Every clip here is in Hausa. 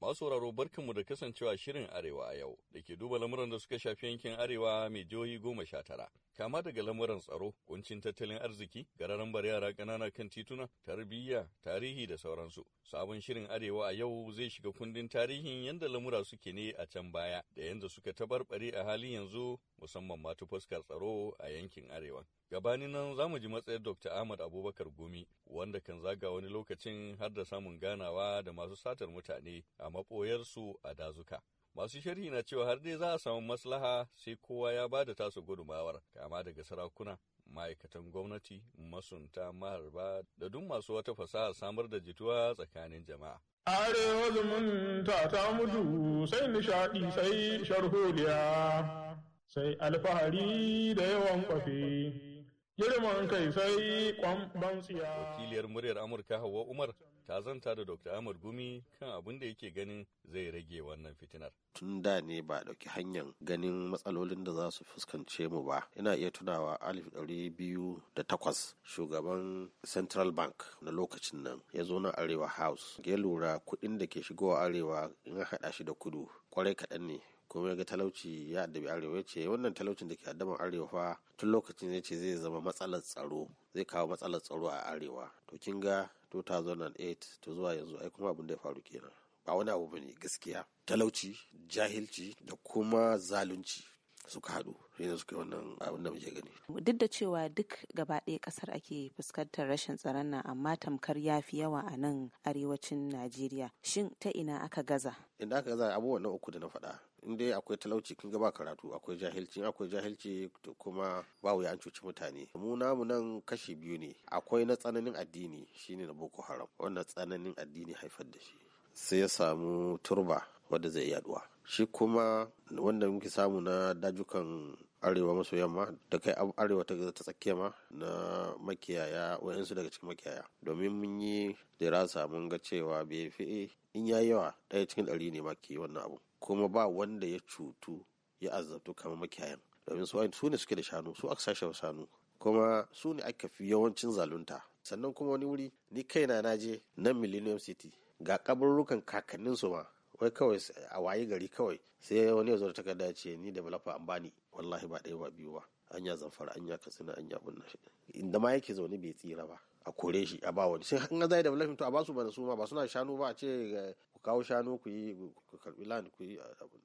Masu sauraro barkanmu da kasancewa shirin Arewa a yau da ke duba lamuran da suka shafi yankin Arewa mai jihohi goma sha tara. Kama daga lamuran tsaro, kuncin tattalin arziki, gararan bar yara ƙanana kan tituna, tarbiyya, tarihi da sauransu. Sabon shirin Arewa a yau zai shiga kundin tarihin yadda lamura suke ne a can baya da yadda suka tabarbare a halin yanzu musamman ma ta fuskar tsaro a yankin Arewa. gabanin nan za mu ji matsayar dr ahmad abubakar gumi wanda kan zaga wani lokacin har da samun ganawa da masu satar mutane a maɓoyarsu a dazuka masu sharhi na cewa har dai za a samu maslaha sai kowa ya ba da tasu gudumawar kama daga sarakuna ma'aikatan gwamnati masunta maharba da duk masu wata fasaha samar da jituwa tsakanin jama'a arewa zumunta ta mutu sai nishaɗi sai sharholiya sai alfahari da yawan kwafi. girman kai sai kwamban tsiya. Wakiliyar muryar Amurka Hauwa Umar ta zanta da Dr. Ahmad Gumi kan abin da yake ganin zai rage wannan fitinar. Tun da ne ba ɗauki hanyar ganin matsalolin da za su fuskance mu ba. Ina iya tunawa alif ɗari biyu da takwas shugaban Central Bank na lokacin nan ya zo na Arewa House. Ya lura kuɗin da ke shigowa Arewa in haɗa shi da kudu kwarai kaɗan ne ya ga talauci ya addabi arewa ya ce wannan talaucin da ke addaban arewa tun lokacin ya ce zai zama matsalar tsaro zai kawo matsalar tsaro a arewa to kin ga 2008 ta zuwa yanzu ai kuma abin da ya faru kenan ba wani abu bane gaskiya talauci jahilci da kuma zalunci suka haɗu shine suka yi wannan abin da muke gani. Duk da cewa duk gaba ɗaya ƙasar ake fuskantar rashin tsaron nan amma tamkar ya fi yawa a nan arewacin Najeriya. Shin ta ina aka gaza? Inda aka gaza abubuwan na uku da na faɗa. in dai akwai talauci kin ga ba karatu akwai jahilci akwai jahilci kuma ba wuya an cuci mutane mu namu nan kashi biyu ne akwai na tsananin addini shine na boko haram wannan tsananin addini haifar da shi sai ya samu turba wadda zai yaduwa shi kuma wanda muke samu na dajukan arewa maso yamma da kai arewa ta ta tsakiya ma na makiyaya wayansu daga cikin makiyaya domin mun yi dirasa mun ga cewa bai fi in ya yawa ɗaya cikin ɗari ne ma wannan abu kuma ba wanda ya cutu ya azabtu kamar makiyayan domin su ne suke da shanu su aka sashe shanu kuma su ne aka fi yawancin zalunta sannan kuma wani wuri ni kai na je na millennium city ga kabarrukan kakannin su ma wai kawai a waye gari kawai sai wani ya zo da takarda ce ni da malafa an bani wallahi ba ɗaya ba biyu ba an ya zamfara an ya katsina an ya bunna shi inda ma yake zaune bai tsira ba a kore shi a ba wani sai an ga zai malafin to a basu bana su ma ba suna shanu ba a ce ku kawo shanu ku yi ku karbi land ku yi abin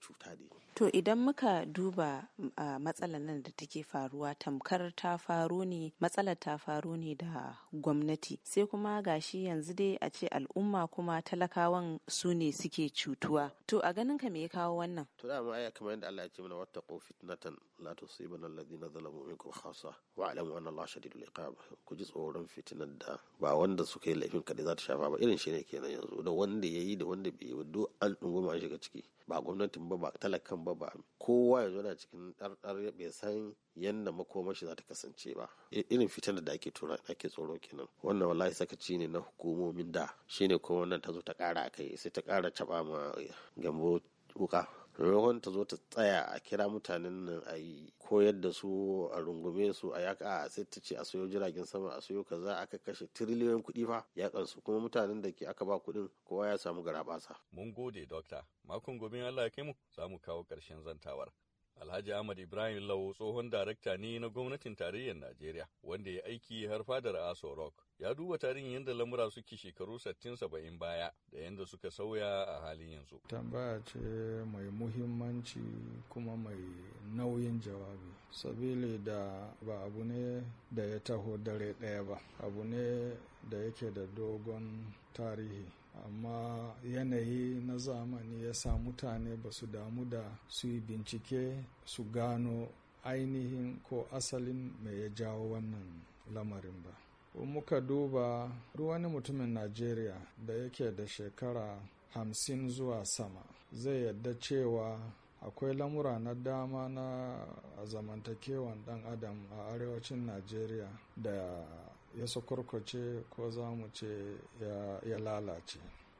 to cuta ne. To idan muka duba a matsalar nan da take faruwa tamkar ta faru ne matsalar ta faru ne da gwamnati sai kuma gashi yanzu dai a ce al'umma kuma talakawan su ne suke cutuwa. To a ganin ka me ya kawo wannan? To da ma aya kamar yadda Allah ya ce mana wata fitnatan la tusibana alladhina zalamu minkum khassa wa alamu anna Allah shadidul iqab. Ku ji tsoron fitinar da ba wanda suka yi laifin kadai za ta shafa ba irin shi ne kenan yanzu da wanda yayi da wanda bai yi duk an dunguma shiga ciki. ba gwamnatin ba ba talakan ba ba kowa ya zo na cikin ɗarɗar bai san yadda makomashi za ta kasance ba irin fitar da ake tura ake tsoro kenan wannan wallahi sakaci ne na hukumomin da shine kuma wannan ta zo ta ƙara kai sai ta ƙara caɓa ma gambo wuka maimakon ta zo ta tsaya a kira mutanen nan a yi koyar da su a rungume su a yaka a sai ta ce a sayo jiragen sama a sayo kaza aka kashe tiriliyoyin kuɗi fa yakan su kuma mutanen da ke aka ba kuɗin kowa ya samu garaɓasa. mun gode dokta makon gobe Allah ya kai mu za mu kawo ƙarshen zantawar Alhaji Ahmad Ibrahim Lau tsohon darakta ne na gwamnatin tarayyar Najeriya wanda ya aiki har fadar Aso Rock. Ya duba tarihin yadda lamura suke shekaru 60-70 baya da yadda suka sauya a halin yanzu. Tambaya ce mai muhimmanci kuma mai nauyin jawabi. Sabili da ba abu ne da ya taho dare ɗaya ba, abu ne da yake da dogon tarihi. amma yanayi na zamani ya sa mutane ba su damu da su yi bincike su gano ainihin ko asalin mai ya jawo wannan lamarin ba muka duba wani mutumin najeriya da yake da shekara hamsin zuwa sama zai yadda cewa akwai lamura na dama na zamantakewan dan adam a arewacin najeriya da ya sakwarkwace ko za mu ce ya lalace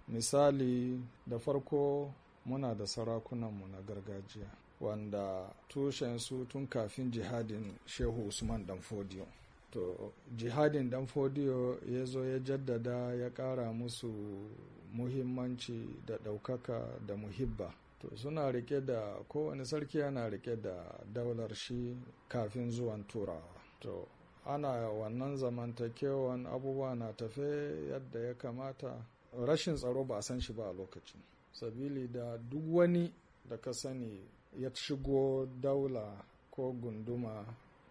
misali da farko muna da sarakunanmu na gargajiya wanda tushensu tun kafin jihadin shehu usman danfodiyo to jihadin danfodiyo ya zo ya jaddada ya kara musu muhimmanci da ɗaukaka da muhibba to suna rike da kowane sarki yana rike da daular shi kafin zuwan turawa to ana wannan zamantakewan abubuwa na tafe yadda ya kamata rashin tsaro ba a san shi ba a lokaci. sabili da duk wani da ka sani ya shigo daula ko gunduma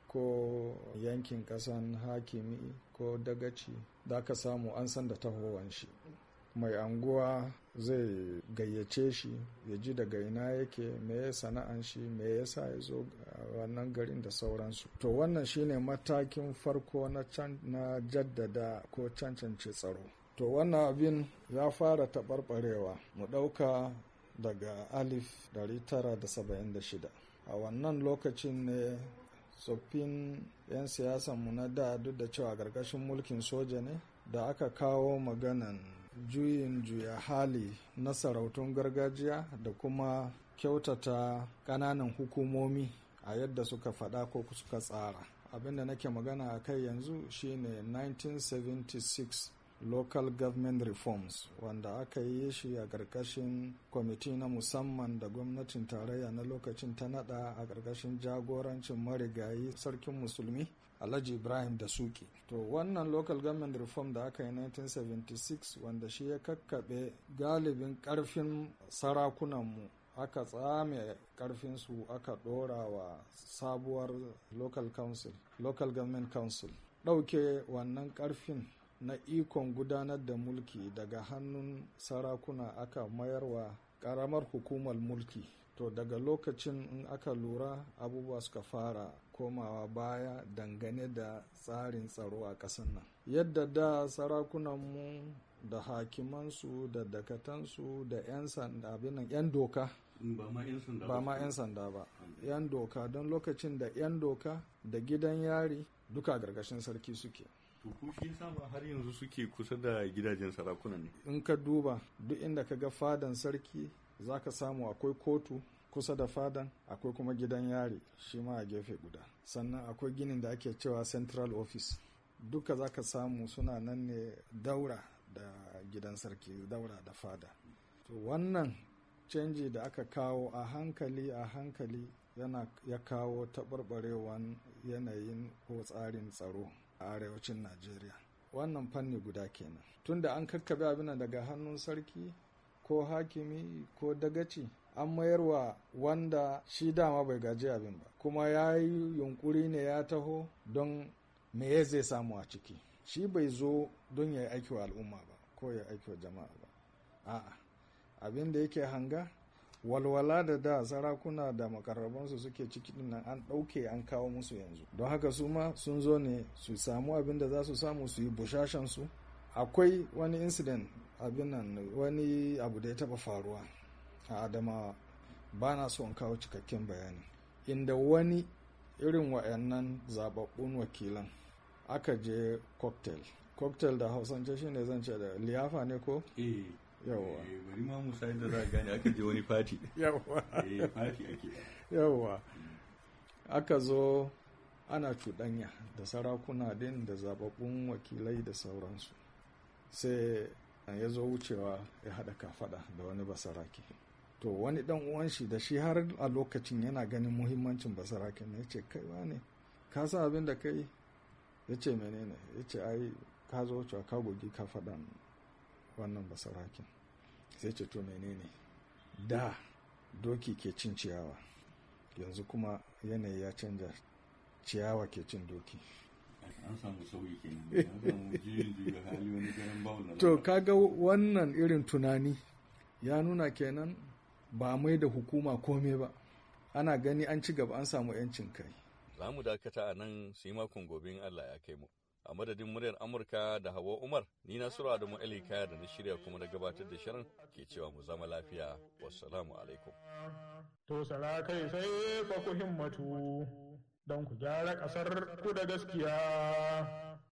ko yankin kasan hakimi ko dagaci da ka samu an san da tahowan shi mai anguwa zai gayyace shi ya ji daga ina yake me ya sana'an shi me yasa ya zo wannan garin da sauransu to wannan shine matakin farko na jaddada ko cancance tsaro to wannan abin ya fara taɓarɓarewa mu ɗauka daga alif 976 a wannan lokacin ne tsoffin 'yan mu na da duk da cewa ƙarƙashin mulkin soja ne da aka kawo maganan juyin juya hali na sarautun gargajiya da kuma kyautata ƙananan hukumomi a yadda suka fada ko suka tsara abinda nake magana a kai yanzu shine 1976 local government reforms wanda aka yi shi a ƙarƙashin kwamiti na musamman da gwamnatin tarayya na lokacin ta nada a ƙarƙashin jagorancin marigayi sarkin musulmi alhaji ibrahim da Suke. to wannan local government reform da aka yi 1976 wanda shi ya kakkaɓe galibin ƙarfin sarakunanmu aka tsame ƙarfinsu aka ɗora wa sabuwar local council local government council ɗauke wannan ƙarfin na ikon gudanar da mulki daga hannun sarakuna aka mayar wa karamar hukumar mulki to daga lokacin in aka lura abubuwa suka fara komawa baya dangane da tsarin tsaro a ƙasar nan yadda da sarakunan mu da hakimansu da dakatansu da 'yan sanda abinan 'yan doka mm, ba ma 'yan sanda ba 'yan doka don lokacin da 'yan doka da gidan yari duka gargashin sarki suke shi yasa ba har yanzu suke kusa da gidajen sarakuna ne in ka duba duk inda ka ga fadan sarki zaka samu akwai kotu kusa da fadan akwai kuma gidan yari shi ma a gefe guda sannan akwai ginin da ake cewa central office duka ka samu suna nan ne daura da gidan sarki daura da fada to wannan canji da aka kawo a hankali a hankali yana ya kawo taɓarɓarewan yanayin ko tsarin tsaro a arewacin najeriya wannan fanni guda kenan tunda an kakkabe abin daga hannun sarki ko hakimi ko dagaci an mayarwa wanda shi dama bai gaji abin ba kuma ya yi yunkuri ne ya taho don me zai samu a ciki shi bai zo don ya yi aiki wa al'umma ba ko ya aiki wa jama'a ba a'a abin da yake hanga walwala da da sarakuna da makarrabansu suke ciki nan an ɗauke an kawo musu yanzu don haka su ma sun zo ne su samu abin da za su samu su yi bushashansu akwai wani incident abin nan wani abu da ya taɓa faruwa a adamawa ba na so kawo cikakken bayani inda wani irin wa'annan zababbun wakilan aka je cocktail cocktail da hausance shine zan ce da liyafa ne ko? Eh. yawwa eh, bari ma musa yadda za a gane aka je wani fati yawwa eh, yawwa aka zo ana cuɗanya da sarakuna din da zababbun wakilai da sauransu sai ya zo wucewa ya haɗa kafaɗa da wani basarake to wani ɗan uwan shi da shi har a lokacin yana ganin muhimmancin basarake ne ya ce kai ne ka sa abin da kai ya ce menene ya ce ai ka zo wucewa ka gogi kafaɗan wannan basarakin sai ce to menene da doki ke cin ciyawa yanzu kuma yanayi ya canja ciyawa ke cin doki an samu sauyi eh. to kaga wannan irin tunani ya nuna kenan ba mai da hukuma kome ba ana gani an ci gaba an samu 'yancin kai za mu dakata a nan yi makon gobe allah ya kai mu a madadin muryar Amurka da Hawa Umar, ni na Sura Adamu Ali Kaya da na shirya kuma na gabatar da shirin ke cewa mu zama lafiya. Wassalamu alaikum. To kai sai fa ku himmatu don ku gyara ƙasar ku da gaskiya.